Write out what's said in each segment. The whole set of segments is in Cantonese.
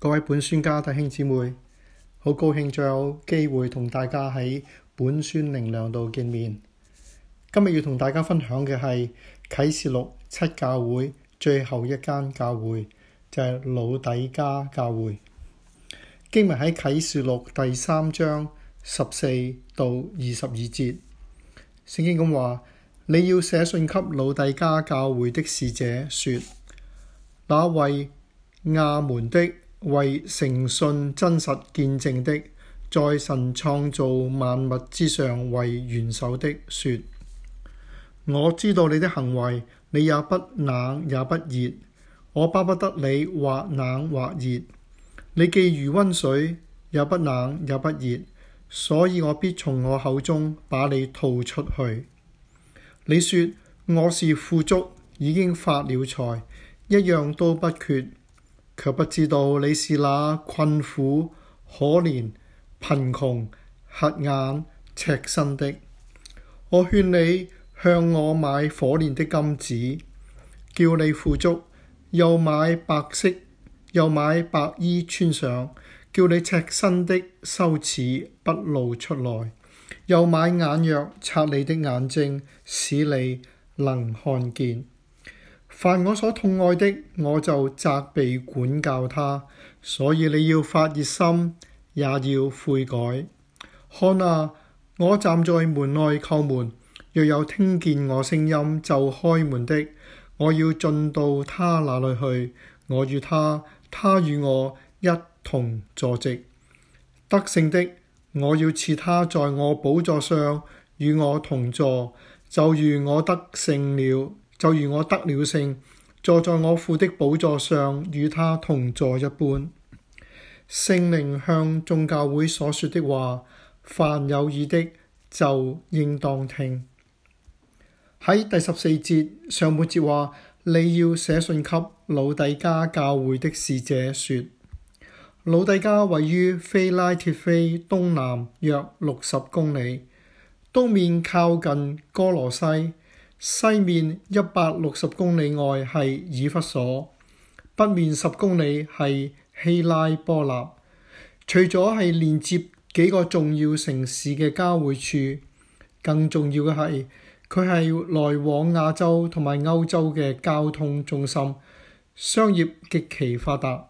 各位本宣家弟兄姊妹，好高興再有機會同大家喺本宣靈糧度見面。今日要同大家分享嘅係啟示錄七教會最後一間教會，就係、是、老底加教會。經文喺《啟示錄》第三章十四到二十二節聖經咁話，你要寫信給老底加教會的使者說，說那位亞門的。為誠信真實見證的，在神創造萬物之上為元首的，説：我知道你的行為，你也不冷也不熱，我巴不得你或冷或熱。你既如温水，也不冷也不熱，所以我必從我口中把你吐出去。你説我是富足，已經發了財，一樣都不缺。卻不知道你是那困苦、可憐、貧窮、瞎眼、赤身的。我勸你向我買火煉的金子，叫你富足；又買白色，又買白衣穿上，叫你赤身的羞恥不露出來；又買眼藥擦你的眼睛，使你能看見。凡我所痛愛的，我就責備管教他。所以你要發熱心，也要悔改。看啊，我站在門外叩門，若有聽見我聲音就開門的，我要進到他那裡去。我與他，他與我一同坐席。得勝的，我要賜他在我寶座上與我同坐，就如我得勝了。就如我得了勝，坐在我父的寶座上與他同坐一般。聖靈向眾教會所說的話，凡有耳的就應當聽。喺第十四節上半節話，你要寫信給老底嘉教會的使者，說：老底嘉位於非拉鐵非東南約六十公里，東面靠近哥羅西。西面一百六十公里外係以弗所，北面十公里係希拉波納。除咗係連接幾個重要城市嘅交匯處，更重要嘅係佢係來往亞洲同埋歐洲嘅交通中心，商業極其發達。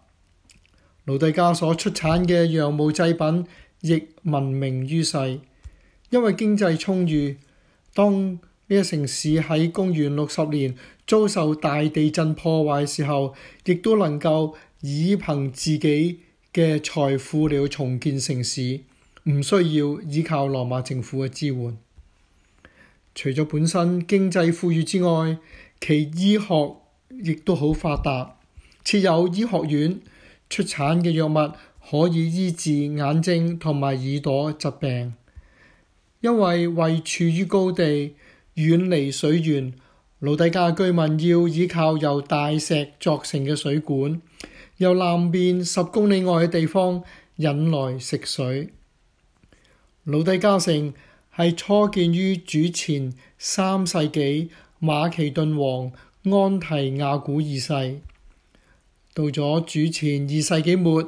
老底嘉所出產嘅羊毛製品亦聞名於世，因為經濟充裕，當呢個城市喺公元六十年遭受大地震破壞時候，亦都能夠以憑自己嘅財富嚟重建城市，唔需要依靠羅馬政府嘅支援。除咗本身經濟富裕之外，其醫學亦都好發達，設有醫學院，出產嘅藥物可以醫治眼睛同埋耳朵疾病。因為位處於高地，遠離水源，老底嘉居民要依靠由大石鑿成嘅水管，由南邊十公里外嘅地方引來食水。老底嘉城係初建於主前三世紀馬其頓王安提亞古二世，到咗主前二世紀末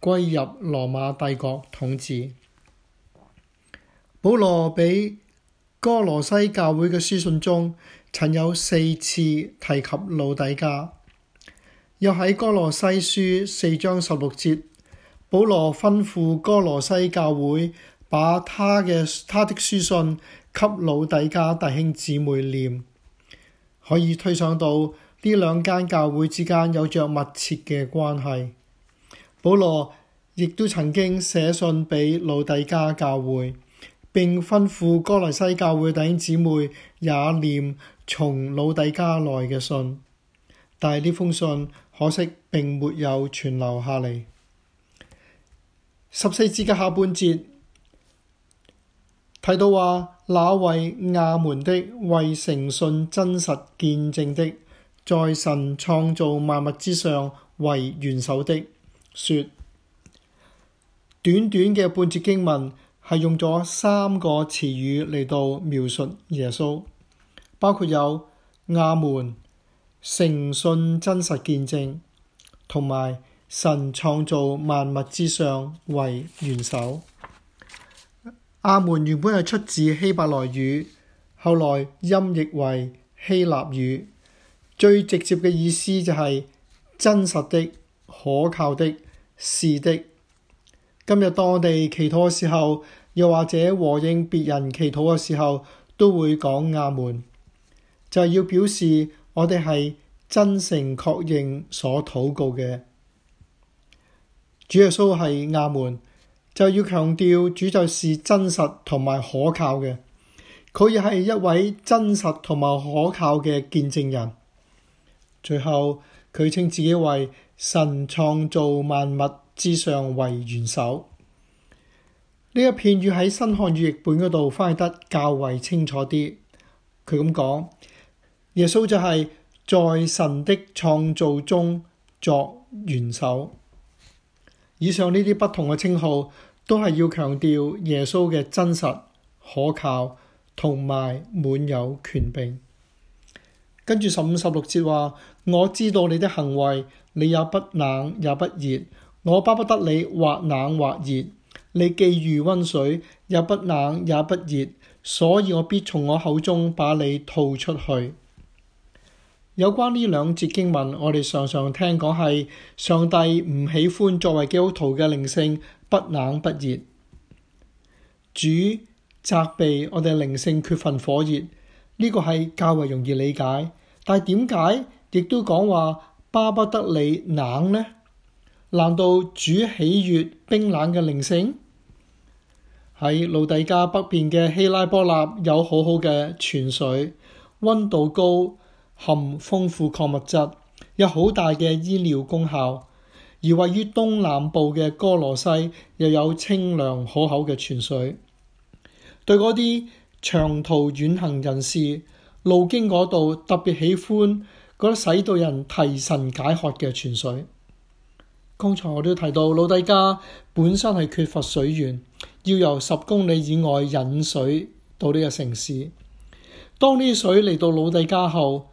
歸入羅馬帝國統治。保羅比哥羅西教會嘅書信中，曾有四次提及老底家，又喺哥羅西書四章十六節，保羅吩咐哥羅西教會把他嘅他的書信給老底家弟兄姊妹念，可以推想到呢兩間教會之間有着密切嘅關係。保羅亦都曾經寫信俾老底家教會。並吩咐歌羅西教會弟兄姊妹也念從老底嘉來嘅信，但係呢封信可惜並沒有存留下嚟。十四節嘅下半節睇到話，那為阿們的為誠信真實見證的，在神創造萬物之上為元首的，說短短嘅半節經文，係用咗三個詞語嚟到描述耶穌，包括有阿門、誠信、真實見證，同埋神創造萬物之上為元首。阿門原本係出自希伯來語，後來音譯為希臘語。最直接嘅意思就係真實的、可靠的、是的。今日當我哋祈禱嘅時候，又或者和應別人祈禱嘅時候，都會講亞門，就係要表示我哋係真誠確認所禱告嘅。主耶穌係亞門，就要強調主就是真實同埋可靠嘅。佢亦係一位真實同埋可靠嘅見證人。最後，佢稱自己為神創造萬物之上為元首。呢一片語喺新漢語譯本嗰度翻譯得較為清楚啲，佢咁講：耶穌就係在神的創造中作元首。以上呢啲不同嘅稱號，都係要強調耶穌嘅真實、可靠同埋滿有權柄。跟住十五十六節話：我知道你的行為，你也不冷也不熱，我巴不得你或冷或熱。你既如溫水，也不冷也不熱，所以我必從我口中把你吐出去。有關呢兩節經文，我哋常常聽講係上帝唔喜歡作為基督徒嘅靈性不冷不熱。主責備我哋靈性缺乏火熱，呢個係較為容易理解。但係點解亦都講話巴不得你冷呢？難道主喜悅冰冷嘅靈性？喺老底家北邊嘅希拉波納有好好嘅泉水，溫度高，含豐富礦物質，有好大嘅醫療功效。而位於東南部嘅哥羅西又有清涼可口嘅泉水，對嗰啲長途遠行人士路經嗰度特別喜歡嗰啲使到人提神解渴嘅泉水。剛才我都提到老底家本身係缺乏水源。要由十公里以外引水到呢個城市。當呢啲水嚟到老底嘉後，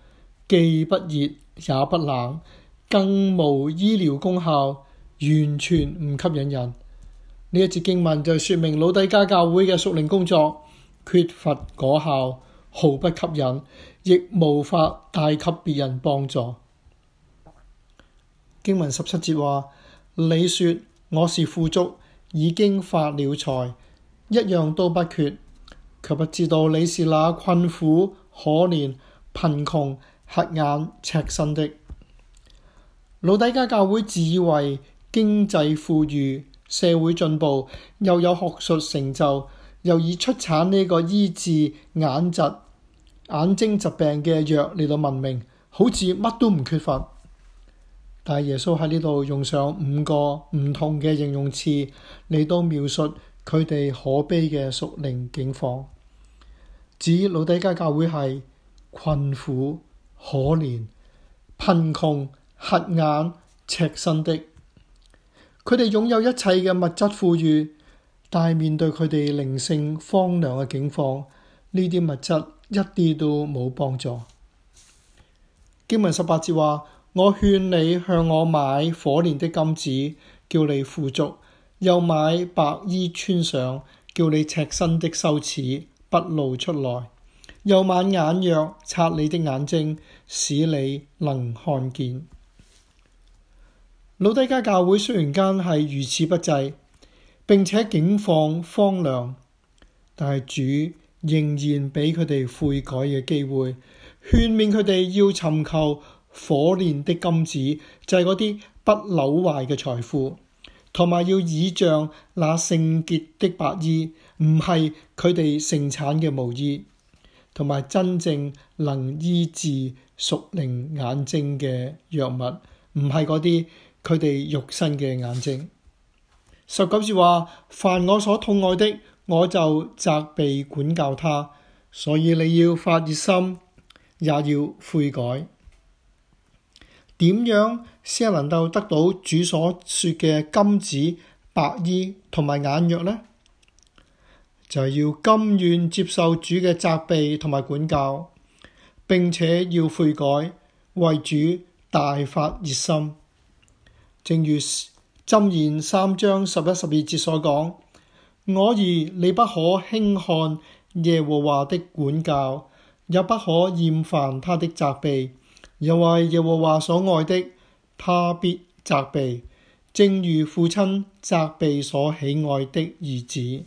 既不熱也不冷，更無醫療功效，完全唔吸引人。呢一節經文就說明老底嘉教會嘅屬靈工作缺乏果效，毫不吸引，亦無法帶給別人幫助。經文十七節話：「你說我是富足。已經發了財，一樣都不缺，卻不知道你是那困苦、可憐、貧窮、瞎眼、赤身的。老底嘉教會自以為經濟富裕、社會進步，又有學術成就，又以出產呢個醫治眼疾、眼睛疾病嘅藥嚟到聞名，好似乜都唔缺乏。但耶穌喺呢度用上五個唔同嘅形容詞，嚟到描述佢哋可悲嘅屬靈境況，指老底嘉教會係困苦、可憐、貧窮、瞎眼、赤身的。佢哋擁有一切嘅物質富裕，但係面對佢哋靈性荒涼嘅境況，呢啲物質一啲都冇幫助。經文十八節話。我勸你向我買火煉的金子，叫你富足；又買白衣穿上，叫你赤身的羞恥不露出來。又買眼藥擦你的眼睛，使你能看見。老底嘉教會雖然間係如此不濟，並且境況荒涼，但係主仍然俾佢哋悔改嘅機會，勸勉佢哋要尋求。火煉的金子就係嗰啲不朽壞嘅財富，同埋要倚仗那聖潔的白衣，唔係佢哋盛產嘅毛衣，同埋真正能醫治屬靈眼睛嘅藥物，唔係嗰啲佢哋肉身嘅眼睛。十九節話：凡我所痛愛的，我就責備管教他。所以你要發熱心，也要悔改。點樣先能夠得到主所説嘅金子、白衣同埋眼藥呢？就係要甘願接受主嘅責備同埋管教，並且要悔改，為主大發熱心。正如箴言三章十一、十二節所講：我兒，你不可輕看耶和華的管教，也不可厭煩他的責備。又為耶和華所愛的，他必責備，正如父親責備所喜愛的兒子。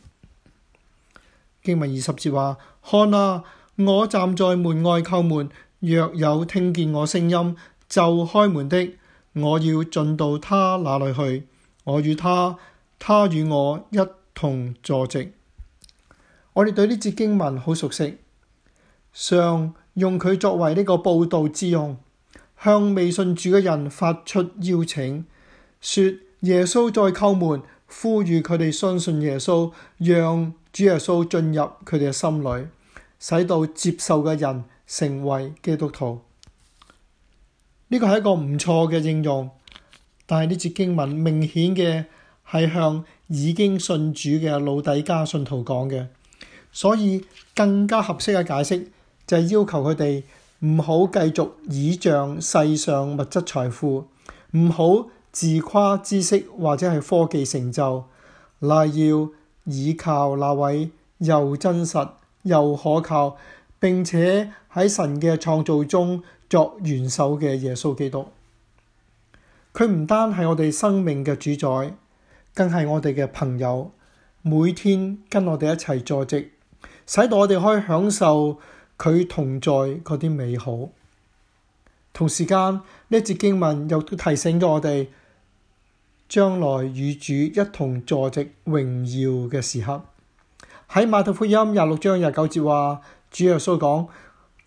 經文二十節話：看啊，我站在門外叩門，若有聽見我聲音，就開門的，我要進到他那裏去，我與他，他與我一同坐席。我哋對呢節經文好熟悉，上。用佢作為呢個報道之用，向未信主嘅人發出邀請，說耶穌在叩門，呼籲佢哋相信耶穌，讓主耶穌進入佢哋嘅心裏，使到接受嘅人成為基督徒。呢個係一個唔錯嘅應用，但係呢節經文明顯嘅係向已經信主嘅老底加信徒講嘅，所以更加合適嘅解釋。就要求佢哋唔好繼續倚仗世上物質財富，唔好自誇知識或者係科技成就，那要倚靠那位又真實又可靠，並且喺神嘅創造中作元首嘅耶穌基督。佢唔單係我哋生命嘅主宰，更係我哋嘅朋友，每天跟我哋一齊坐席，使到我哋可以享受。佢同在嗰啲美好，同時間呢節經文又提醒咗我哋將來與主一同坐席榮耀嘅時刻。喺馬太福音廿六章廿九節話：主耶穌講，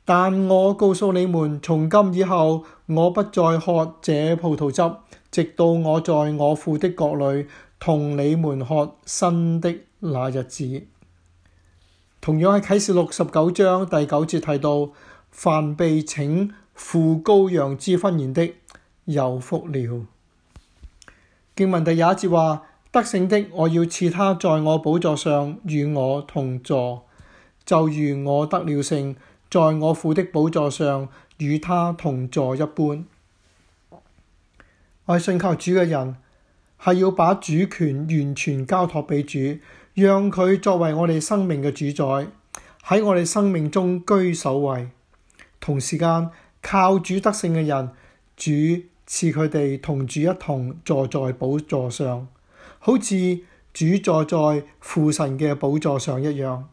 但我告訴你們，從今以後，我不再喝這葡萄汁，直到我在我父的國裏同你們喝新的那日子。同樣係啟示六十九章第九節提到，凡被請赴羔羊之婚宴的，有福了。經文第一節話，得勝的，我要賜他在我寶座上與我同坐。」就如我得了勝，在我父的寶座上與他同坐一般。愛信靠主嘅人，係要把主權完全交託俾主。讓佢作為我哋生命嘅主宰，喺我哋生命中居首位。同時間，靠主得勝嘅人，主賜佢哋同主一同坐在寶座上，好似主坐在父神嘅寶座上一樣。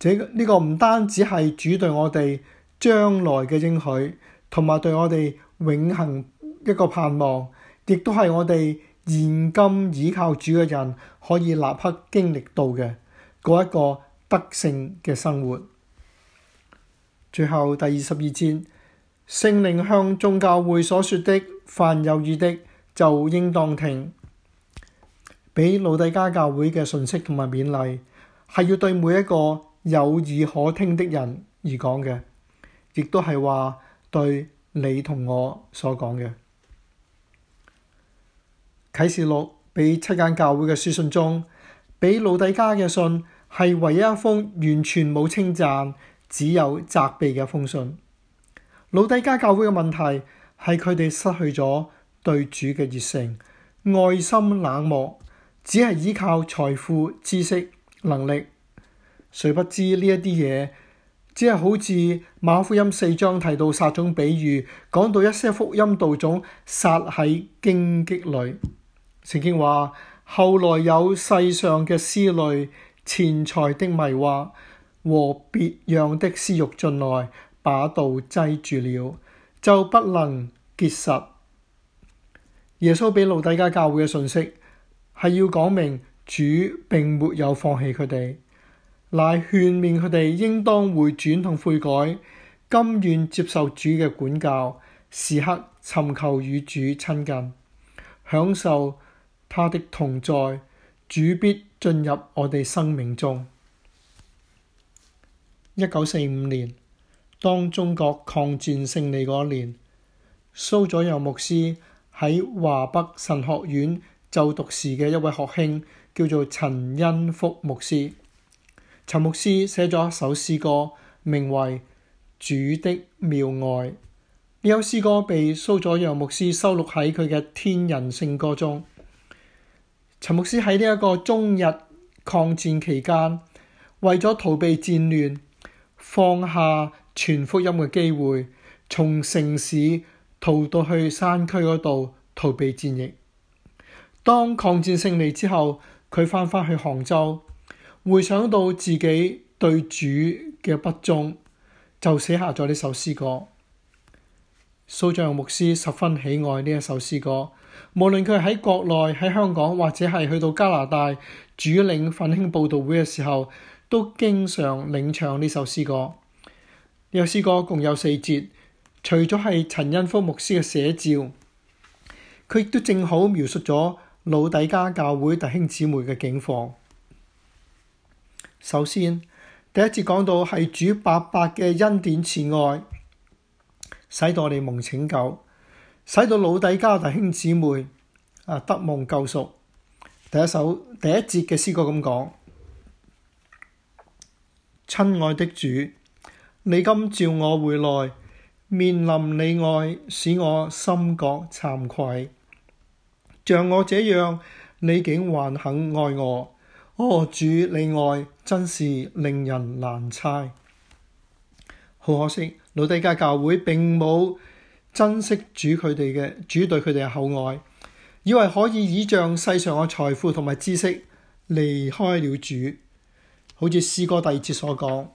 這呢個唔單止係主對我哋將來嘅應許，同埋對我哋永恆一個盼望，亦都係我哋。現今倚靠主嘅人可以立刻經歷到嘅嗰一個得勝嘅生活。最後第二十二節，聖靈向眾教會所說的，凡有耳的就應當聽。俾老底嘉教會嘅信息同埋勉勵，係要對每一個有耳可聽的人而講嘅，亦都係話對你同我所講嘅。啟示錄俾七間教會嘅書信中，俾老底嘉嘅信係唯一一封完全冇稱讚，只有責備嘅一封信。老底嘉教會嘅問題係佢哋失去咗對主嘅熱誠，愛心冷漠，只係依靠財富、知識、能力。誰不知呢一啲嘢，只係好似馬福音四章提到撒種比喻，講到一些福音道種撒喺荊棘裏。聖經話，後來有世上嘅思慮、錢財的迷惑和別樣的私欲進來，把道擠住了，就不能結實。耶穌俾老底嘉教會嘅信息，係要講明主並沒有放棄佢哋，乃勸勉佢哋應當回轉同悔改，甘願接受主嘅管教，時刻尋求與主親近，享受。他的同在，主必進入我哋生命中。一九四五年，當中國抗戰勝利嗰年，蘇佐揚牧師喺華北神學院就讀時嘅一位學兄叫做陳恩福牧師。陳牧師寫咗一首詩歌，名為《主的妙愛》。呢首詩歌被蘇佐揚牧師收錄喺佢嘅《天人聖歌》中。陳牧師喺呢一個中日抗戰期間，為咗逃避戰亂，放下全福音嘅機會，從城市逃到去山區嗰度逃避戰役。當抗戰勝利之後，佢翻返去杭州，回想到自己對主嘅不忠，就寫下咗呢首詩歌。蘇蔣牧師十分喜愛呢首詩歌。無論佢喺國內、喺香港，或者係去到加拿大主領奮興佈道會嘅時候，都經常領唱呢首詩歌。呢首詩歌共有四節，除咗係陳恩福牧師嘅寫照，佢亦都正好描述咗老底加教會弟兄姊妹嘅境況。首先，第一節講到係主白白嘅恩典慈愛，使到我哋蒙拯救。使到老底嘉弟兄姊妹，啊，得蒙救贖。第一首第一節嘅詩歌咁講：親愛的主，你今召我回來，面臨你愛，使我心覺慚愧。像我這樣，你竟還肯愛我？哦，主你愛，真是令人難猜。好可惜，老底嘉教會並冇珍惜主佢哋嘅主對佢哋嘅厚愛，以為可以倚仗世上嘅財富同埋知識離開了主，好似詩歌第二節所講：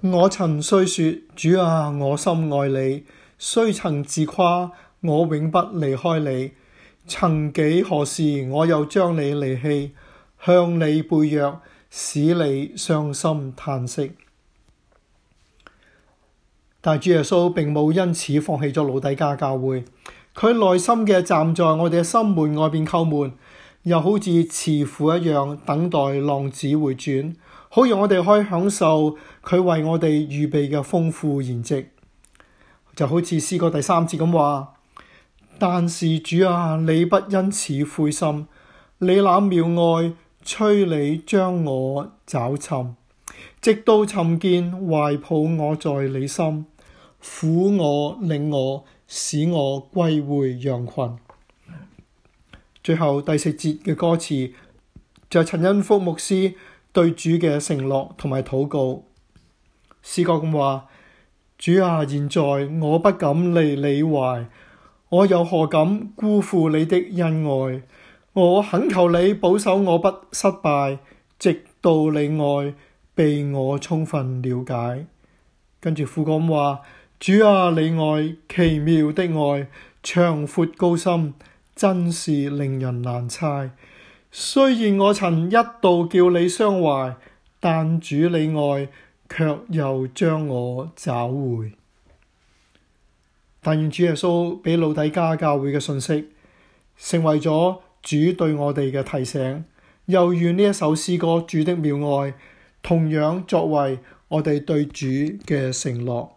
我曾雖說主啊，我深愛你，雖曾自誇我永不離開你，曾幾何時我又將你離棄，向你背約，使你傷心嘆息。但主耶穌並冇因此放棄咗老底加教會，佢耐心嘅，站在我哋嘅心門外邊叩門，又好似慈父一樣等待浪子回轉，好讓我哋可以享受佢為我哋預備嘅豐富筵席。就好似詩歌第三節咁話：但是主啊，你不因此灰心，你那妙愛催你將我找尋，直到尋見懷抱我在你心。苦我、領我、使我歸回羊群。最後第四節嘅歌詞就係陳恩福牧師對主嘅承諾同埋禱告。詩歌咁話：主啊，現在我不敢離你懷，我又何敢辜負你的恩愛？我懇求你保守我不失敗，直到你愛被我充分了解。跟住副歌咁話。主啊，你愛奇妙的愛，長闊高深，真是令人難猜。雖然我曾一度叫你傷懷，但主你愛卻又將我找回。但願主耶穌俾老底嘉教會嘅信息，成為咗主對我哋嘅提醒，又願呢一首詩歌主的妙愛，同樣作為我哋對主嘅承諾。